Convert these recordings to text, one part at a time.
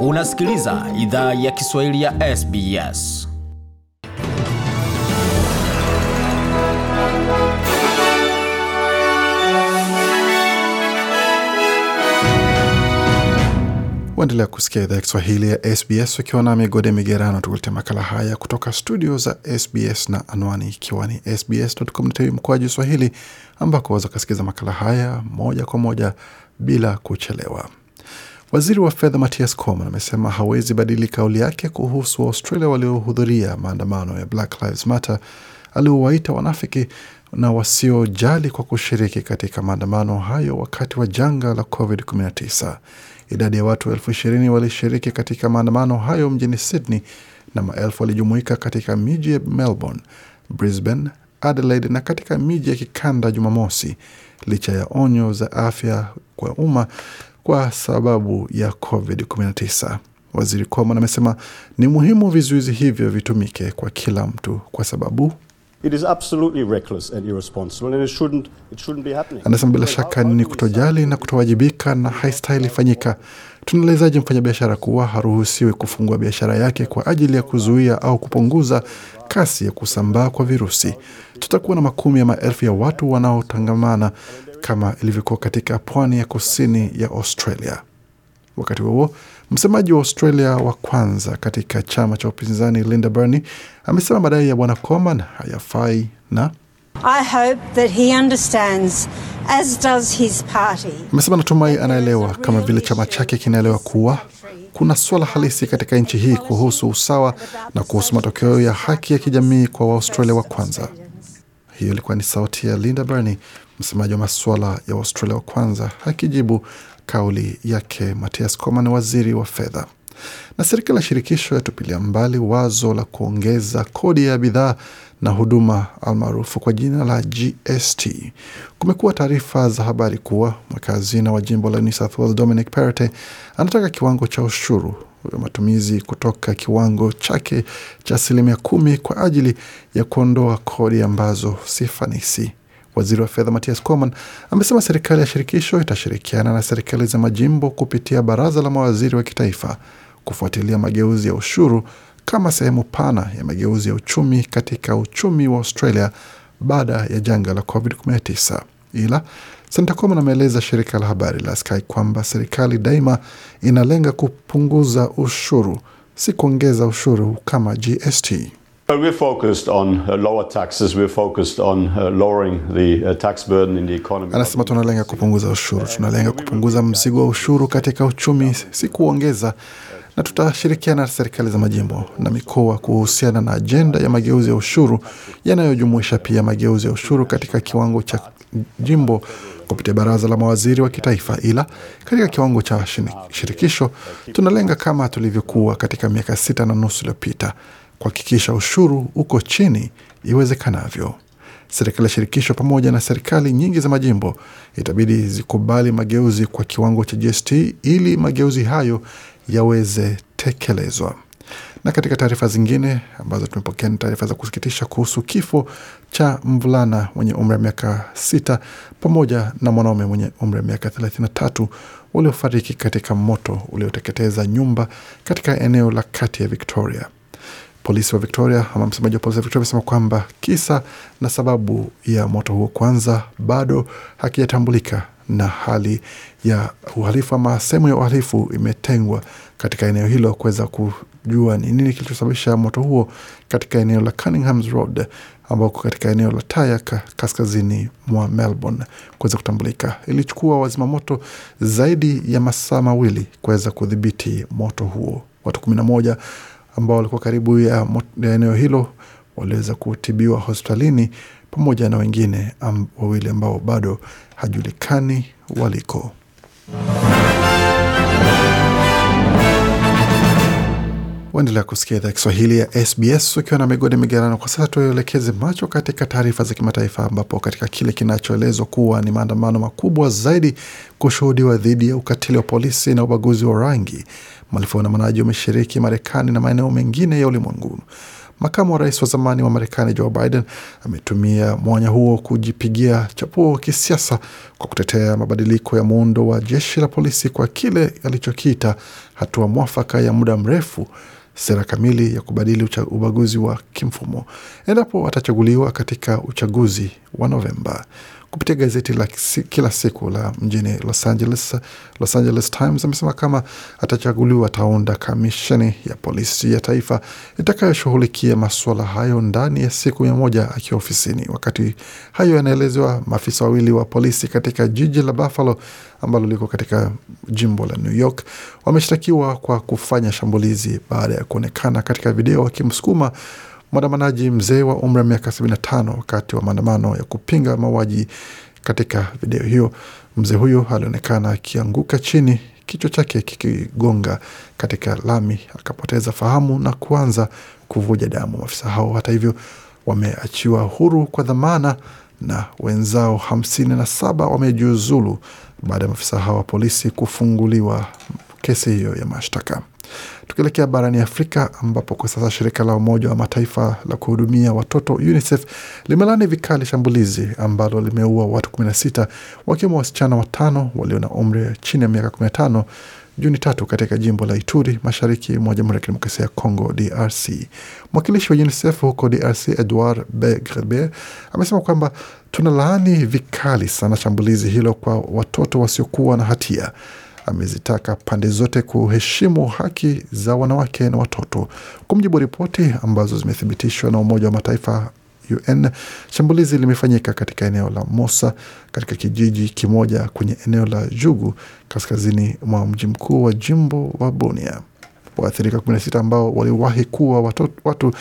Unasikiliza idhaa ya Kiswahili ya SBS. Waendelea kusikia idhaa ya Kiswahili ya SBS ukiwa na migode migerano, tukuletea makala haya kutoka studio za SBS na anwani ikiwa ni sbs.com.au mkoaji Swahili, ambako waweza kusikiliza makala haya moja kwa moja bila kuchelewa. Waziri wa fedha matthias Cormann amesema hawezi badili kauli yake kuhusu Waustralia waliohudhuria maandamano ya Black Lives Matter aliowaita wanafiki na wasiojali kwa kushiriki katika maandamano hayo wakati wa janga la COVID-19. Idadi ya watu elfu ishirini walishiriki katika maandamano hayo mjini Sydney na maelfu walijumuika katika miji ya Melbourne, Brisbane, Adelaide na katika miji ya kikanda Jumamosi licha ya onyo za afya kwa umma kwa sababu ya COVID-19. Waziri Coman amesema ni muhimu vizuizi hivyo vitumike kwa kila mtu kwa sababu It is absolutely reckless and irresponsible and it shouldn't, it shouldn't be happening. Anasema bila shaka ni kutojali na kutowajibika na haistahili fanyika. Tunaelezaje mfanyabiashara kuwa haruhusiwi kufungua biashara yake kwa ajili ya kuzuia au kupunguza kasi ya kusambaa kwa virusi? Tutakuwa na makumi ya maelfu ya watu wanaotangamana kama ilivyokuwa katika pwani ya kusini ya Australia. Wakati huo msemaji wa Australia wa kwanza katika chama cha upinzani Linda Burney amesema madai ya bwana Coman hayafai na amesema natumai anaelewa kama vile chama chake kinaelewa kuwa kuna swala halisi katika nchi hii kuhusu usawa na kuhusu matokeo ya haki ya kijamii kwa Waaustralia wa kwanza. Hiyo ilikuwa ni sauti ya Linda Burney Msemaji wa masuala ya Australia wa kwanza akijibu kauli yake Matias Coman, waziri wa fedha. Na serikali ya shirikisho yatupilia mbali wazo la kuongeza kodi ya bidhaa na huduma almaarufu kwa jina la GST. Kumekuwa taarifa za habari kuwa mweka hazina wa jimbo la New South Wales Dominic Perrottet anataka kiwango cha ushuru wa matumizi kutoka kiwango chake cha asilimia kumi kwa ajili ya kuondoa kodi ambazo si fanisi. Waziri wa fedha Matias coman amesema serikali ya shirikisho itashirikiana na serikali za majimbo kupitia baraza la mawaziri wa kitaifa kufuatilia mageuzi ya ushuru kama sehemu pana ya mageuzi ya uchumi katika uchumi wa Australia baada ya janga la COVID-19. Ila Santa Coman ameeleza shirika la habari la Sky kwamba serikali daima inalenga kupunguza ushuru, si kuongeza ushuru kama GST we're focused on uh, lower taxes, we're focused on uh, lowering the uh, tax burden in the economy. Anasema tunalenga kupunguza ushuru, tunalenga kupunguza mzigo wa ushuru katika uchumi, si kuongeza na tutashirikiana na serikali za majimbo na mikoa kuhusiana na ajenda ya mageuzi ya ushuru yanayojumuisha pia mageuzi ya ushuru katika kiwango cha jimbo kupitia baraza la mawaziri wa kitaifa, ila katika kiwango cha shirikisho tunalenga kama tulivyokuwa katika miaka sita na nusu iliyopita kuhakikisha ushuru uko chini iwezekanavyo. Serikali ya shirikisho pamoja na serikali nyingi za majimbo itabidi zikubali mageuzi kwa kiwango cha GST ili mageuzi hayo yaweze tekelezwa. Na katika taarifa zingine ambazo tumepokea ni taarifa za kusikitisha kuhusu kifo cha mvulana mwenye umri wa miaka sita pamoja na mwanaume mwenye umri wa miaka thelathini na tatu waliofariki katika moto ulioteketeza nyumba katika eneo la kati ya Victoria. Polisi wa Victoria ama msemaji wa polisi wa Victoria amesema kwamba kisa na sababu ya moto huo kwanza bado hakijatambulika na hali ya uhalifu ama sehemu ya uhalifu imetengwa katika eneo hilo kuweza kujua ni nini kilichosababisha moto huo katika eneo la Cunninghams Road ambako katika eneo la Tayak kaskazini mwa Melbourne kuweza kutambulika. Ilichukua wazima moto zaidi ya masaa mawili kuweza kudhibiti moto huo. Watu kumi na moja ambao walikuwa karibu ya, eneo hilo waliweza kutibiwa hospitalini pamoja na wengine wawili ambao bado hajulikani waliko. Waendelea kusikia idhaa Kiswahili ya SBS ukiwa na migodi migerano. Kwa sasa tuelekeze macho katika taarifa za kimataifa, ambapo katika kile kinachoelezwa kuwa ni maandamano makubwa zaidi kushuhudiwa dhidi ya ukatili wa polisi na ubaguzi wa rangi, maelfu ya waandamanaji wameshiriki Marekani na maeneo mengine ya ulimwengu. Makamu wa rais wa zamani wa Marekani Joe Biden ametumia mwanya huo kujipigia chapuo wa kisiasa kwa kutetea mabadiliko ya muundo wa jeshi la polisi kwa kile alichokiita hatua mwafaka ya muda mrefu sera kamili ya kubadili ubaguzi wa kimfumo endapo watachaguliwa katika uchaguzi wa Novemba kupitia gazeti la kila siku la mjini Los Angeles, Los Angeles Times, amesema kama atachaguliwa ataunda kamisheni ya polisi ya taifa itakayoshughulikia masuala hayo ndani ya siku mia moja akiwa ofisini. Wakati hayo yanaelezewa, maafisa wawili wa polisi katika jiji la Buffalo ambalo liko katika jimbo la New York wameshtakiwa kwa kufanya shambulizi baada ya kuonekana katika video wakimsukuma Mwandamanaji mzee wa umri wa miaka 75 wakati wa maandamano ya kupinga mauaji. Katika video hiyo, mzee huyo alionekana akianguka chini, kichwa chake kikigonga katika lami, akapoteza fahamu na kuanza kuvuja damu. Maafisa hao hata hivyo wameachiwa huru kwa dhamana na wenzao hamsini na saba wamejiuzulu baada ya maafisa hao wa polisi kufunguliwa kesi hiyo ya mashtaka. Tukielekea barani Afrika ambapo kwa sasa shirika la Umoja wa Mataifa la kuhudumia watoto UNICEF limelani vikali shambulizi ambalo limeua watu 16 wakiwemo wasichana watano walio na umri chini ya miaka 15 Juni tatu katika jimbo la Ituri mashariki mwa Jamhuri ya Kidemokrasia ya Kongo, DRC. Mwakilishi wa UNICEF huko DRC Edouard Begrebe amesema kwamba tunalaani vikali sana shambulizi hilo kwa watoto wasiokuwa na hatia amezitaka pande zote kuheshimu haki za wanawake na watoto. Kwa mujibu wa ripoti ambazo zimethibitishwa na Umoja wa Mataifa UN, shambulizi limefanyika katika eneo la Mosa katika kijiji kimoja kwenye eneo la Jugu kaskazini mwa mji mkuu wa jimbo wa Bunia. Waathirika 16 ambao waliwahi kuwa watu, watu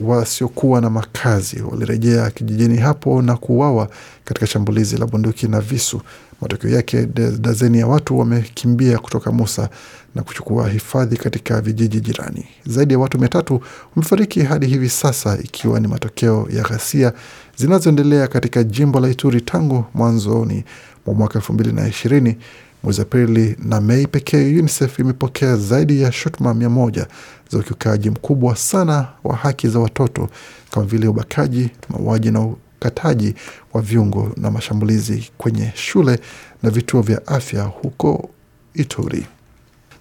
wasiokuwa na makazi walirejea kijijini hapo na kuuawa katika shambulizi la bunduki na visu Matokeo yake dazeni ya watu wamekimbia kutoka Musa na kuchukua hifadhi katika vijiji jirani. Zaidi ya watu mia tatu wamefariki hadi hivi sasa, ikiwa ni matokeo ya ghasia zinazoendelea katika jimbo la Ituri tangu mwanzoni mwa mwaka elfu mbili na ishirini. Mwezi Aprili na Mei pekee, UNICEF imepokea zaidi ya shutuma mia moja za ukiukaji mkubwa sana wa haki za watoto kama vile ubakaji, mauaji na ukataji wa viungo na mashambulizi kwenye shule na vituo vya afya huko Ituri.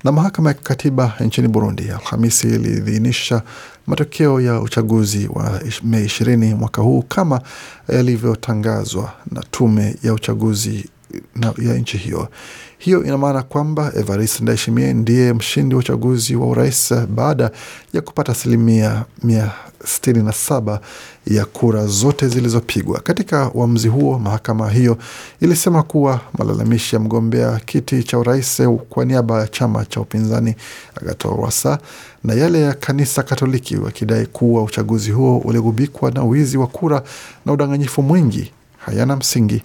Na mahakama ya katiba nchini Burundi Alhamisi iliidhinisha matokeo ya uchaguzi wa Mei ishirini mwaka huu kama yalivyotangazwa na tume ya uchaguzi na ya nchi hiyo. Hiyo ina maana kwamba Evariste Ndayishimiye ndiye mshindi wa uchaguzi wa urais baada ya kupata asilimia mia sitini na saba ya kura zote zilizopigwa. Katika uamuzi huo, mahakama hiyo ilisema kuwa malalamishi ya mgombea kiti cha urais kwa niaba ya chama cha upinzani Agathon Rwasa na yale ya kanisa Katoliki wakidai kuwa uchaguzi huo uligubikwa na wizi wa kura na udanganyifu mwingi hayana msingi.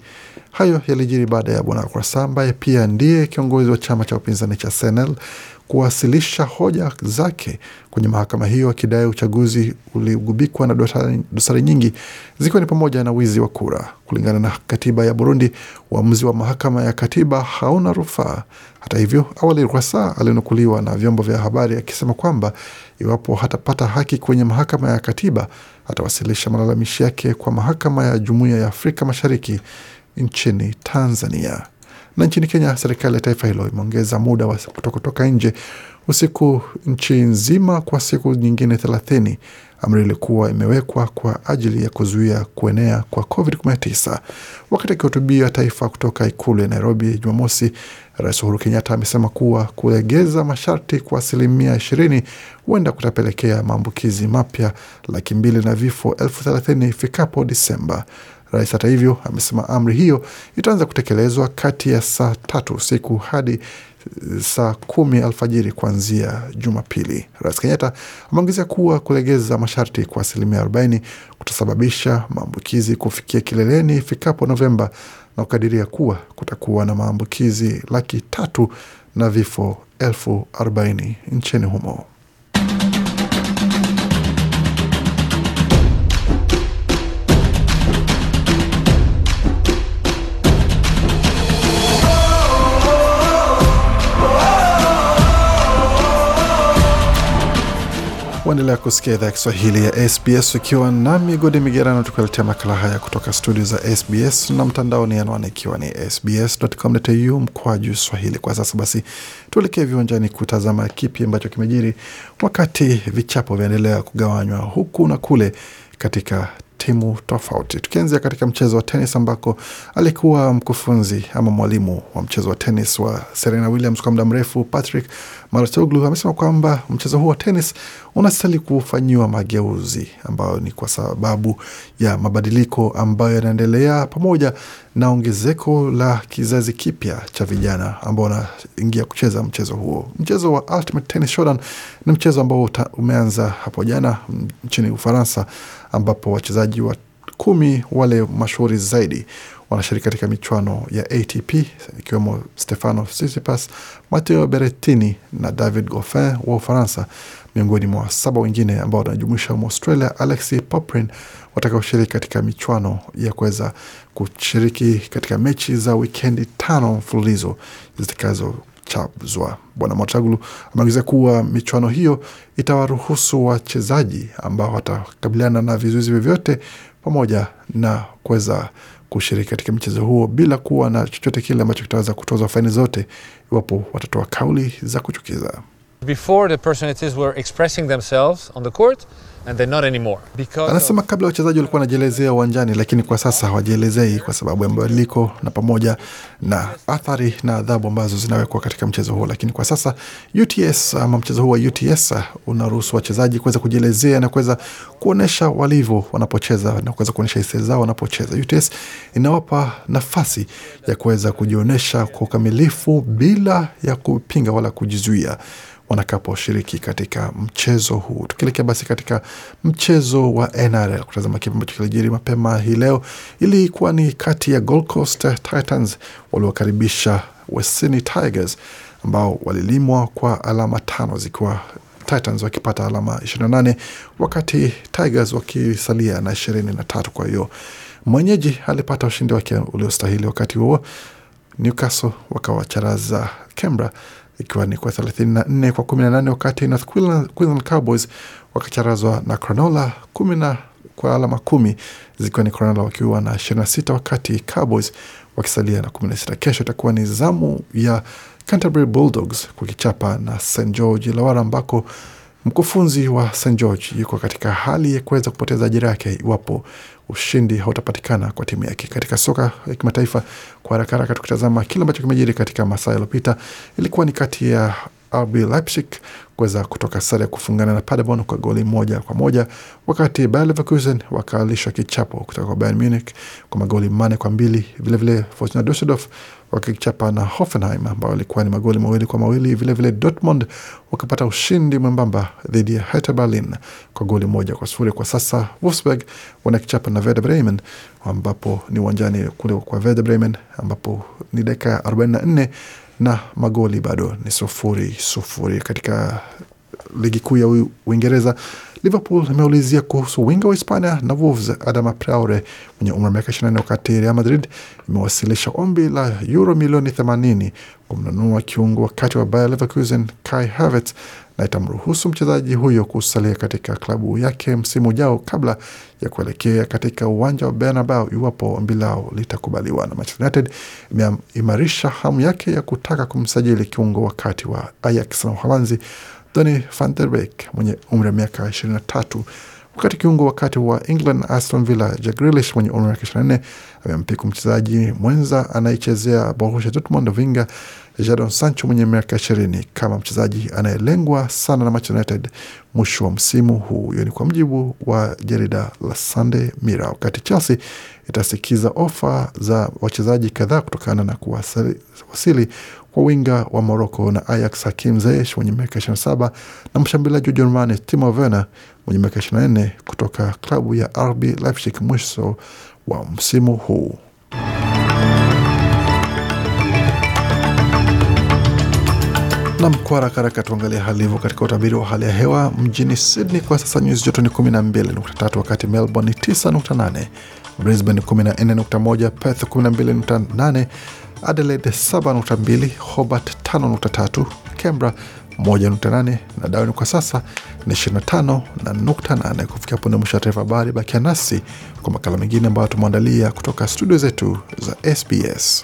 Hayo yalijiri baada ya bwana Kurasa, ambaye pia ndiye kiongozi wa chama cha upinzani cha SNL kuwasilisha hoja zake kwenye mahakama hiyo akidai uchaguzi uligubikwa na dosari nyingi, zikiwa ni pamoja na wizi wa kura. Kulingana na katiba ya Burundi, uamuzi wa mahakama ya katiba hauna rufaa. Hata hivyo, awali Rwasa alinukuliwa na vyombo vya habari akisema kwamba iwapo hatapata haki kwenye mahakama ya katiba atawasilisha malalamishi yake kwa mahakama ya Jumuiya ya Afrika Mashariki nchini Tanzania. Na nchini Kenya, serikali ya taifa hilo imeongeza muda wa kutokutoka nje usiku nchi nzima kwa siku nyingine thelathini. Amri ilikuwa imewekwa kwa ajili ya kuzuia kuenea kwa COVID-19. Wakati akihutubia taifa kutoka ikulu ya Nairobi Jumamosi, Rais Uhuru Kenyatta amesema kuwa kulegeza masharti kwa asilimia ishirini huenda kutapelekea maambukizi mapya laki mbili na vifo elfu thelathini ifikapo Disemba. Rais hata hivyo amesema amri hiyo itaanza kutekelezwa kati ya saa tatu usiku hadi saa kumi alfajiri kuanzia Jumapili. Rais Kenyatta ameongezea kuwa kulegeza masharti kwa asilimia 40 kutasababisha maambukizi kufikia kileleni ifikapo Novemba na kukadiria kuwa kutakuwa na maambukizi laki tatu na vifo elfu arobaini nchini humo. Waendelea kusikia idhaa ya Kiswahili ya SBS ukiwa na migodi migerano, tukuletea makala haya kutoka studio za SBS na mtandaoni, anwani ikiwa ni sbs.com.au mkwaju swahili. Kwa sasa basi, tuelekee viwanjani kutazama kipi ambacho kimejiri wakati vichapo vyaendelea kugawanywa huku na kule katika timu tofauti. Tukianzia katika mchezo wa tenis ambako alikuwa mkufunzi ama mwalimu wa mchezo wa tenis wa Serena Williams kwa muda mrefu, Patrick Maratoglu amesema kwamba mchezo huu wa tenis unastahili kufanyiwa mageuzi, ambayo ni kwa sababu ya mabadiliko ambayo yanaendelea pamoja na ongezeko la kizazi kipya cha vijana ambao wanaingia kucheza mchezo huo. Mchezo wa Ultimate Tennis Showdown ni mchezo ambao umeanza hapo jana nchini Ufaransa, ambapo wachezaji wa kumi wale mashuhuri zaidi wanashiriki katika michuano ya ATP ikiwemo Stefano Sisipas, mateo beretini na David Goffin wa Ufaransa, miongoni mwa saba wengine ambao wanajumuisha Australia Alexi Poprin watakaoshiriki katika michuano ya kuweza kushiriki katika mechi za wikendi tano mfululizo zitakazo chazwa. Bwana Mwataglu ameongeza kuwa michuano hiyo itawaruhusu wachezaji ambao watakabiliana na vizuizi vyovyote pamoja na kuweza kushiriki katika mchezo huo bila kuwa na chochote kile ambacho kitaweza kutozwa faini zote iwapo watatoa kauli za kuchukiza. Before the personalities were expressing themselves on the court And not anymore. Because anasema kabla wachezaji walikuwa wanajielezea uwanjani, lakini kwa sasa hawajielezei kwa sababu ya mabadiliko na pamoja na athari na adhabu ambazo zinawekwa katika mchezo huo. Lakini kwa sasa UTS ama mchezo huu wa UTS uh, unaruhusu wachezaji kuweza kujielezea na kuweza kuonyesha walivyo wanapocheza na kuweza kuonyesha hisia zao wanapocheza. UTS inawapa nafasi ya kuweza kujionyesha kwa ukamilifu bila ya kupinga wala kujizuia wanakaposhiriki katika mchezo huu. Tukielekea basi katika mchezo wa NRL kutazama kipi ambacho kilijiri mapema hii leo, ilikuwa ni kati ya Gold Coast Titans waliokaribisha Western Tigers ambao walilimwa kwa alama tano zikiwa Titans wakipata alama 28 wakati Tigers wakisalia na 23. Kwa hiyo mwenyeji alipata ushindi wake uliostahili. Wakati huo Newcastle wakawacharaza Canberra ikiwa ni kwa 34 kwa 18, wakati North Queensland Cowboys wakacharazwa na Cronulla 10 na kwa alama kumi zikiwa ni Cronulla wakiwa na 26, wakati Cowboys wakisalia na 16. Kesho itakuwa ni zamu ya Canterbury Bulldogs kukichapa na St George Illawarra ambako Mkufunzi wa St George yuko katika hali ya kuweza kupoteza ajira yake iwapo ushindi hautapatikana kwa timu yake katika soka ya kimataifa. Kwa haraka haraka, tukitazama kile ambacho kimejiri katika masaa yaliyopita, ilikuwa ni kati ya RB Leipzig kuweza kutoka sare ya kufungana na Paderborn kwa goli moja kwa moja, wakati Bayer Leverkusen kichapo kutoka kwa Bayern Munich kwa magoli manne kwa mbili. Vilevile Fortuna Dusseldorf wakichapa na Hoffenheim ambao ilikuwa ni magoli mawili kwa mawili. Vilevile Dortmund wakapata ushindi mwembamba dhidi ya Hertha Berlin kwa goli moja kwa sufuri. Kwa sasa Wolfsburg wanakichapa na Werder Bremen, ambapo ni uwanjani kule kwa Werder Bremen, ambapo ni dakika 44 na magoli bado ni sufuri sufuri katika ligi kuu ya Uingereza. Liverpool imeulizia kuhusu winga wa Hispania na Wolves Adama Traore mwenye umri wa miaka nne wakati Real Madrid imewasilisha ombi la euro milioni 80 kumnunua kiungo wakati wa Bayer Leverkusen Kai Havertz na itamruhusu mchezaji huyo kusalia katika klabu yake msimu ujao kabla ya kuelekea katika uwanja wa Bernabeu iwapo ombi lao litakubaliwa. Na Manchester United imeimarisha hamu yake ya kutaka kumsajili kiungo wakati wa Ajax na Uholanzi Donny van Beek mwenye umri wa miaka na tatu Wakati kiungo wakati wa England Aston Villa Jack Grealish mwenye umri wa miaka 24 amempiku mchezaji mwenza anayechezea Borussia Dortmund Vinga Jadon Sancho mwenye miaka ishirini kama mchezaji anayelengwa sana na Manchester United mwisho wa msimu huu. Hiyo ni kwa mjibu wa jarida la Sunday Mira. Wakati Chelsea itasikiza ofa za wachezaji kadhaa kutokana na kuwasili kwa winga wa Moroko na Ajax Hakim Ziyech mwenye miaka 27 na mshambuliaji wa Ujerumani Timo Werner mwenye miaka 24 kutoka klabu ya RB Leipzig mwisho wa msimu huu. Nam, kwa haraka haraka tuangalia hali hivyo katika utabiri wa hali ya hewa mjini Sydney kwa sasa nyuzi joto ni 12.3, wakati Melbourne ni 9.8, Brisbane 14.1, Perth 12.8 Adelaide 7.2, Hobart 5.3, Canberra 1.8 na Darwin kwa sasa ni 25 na nukta 8. Kufikia punde mwisho wa taarifa habari, bakia nasi kwa makala mengine ambayo tumeandalia kutoka studio zetu za SBS.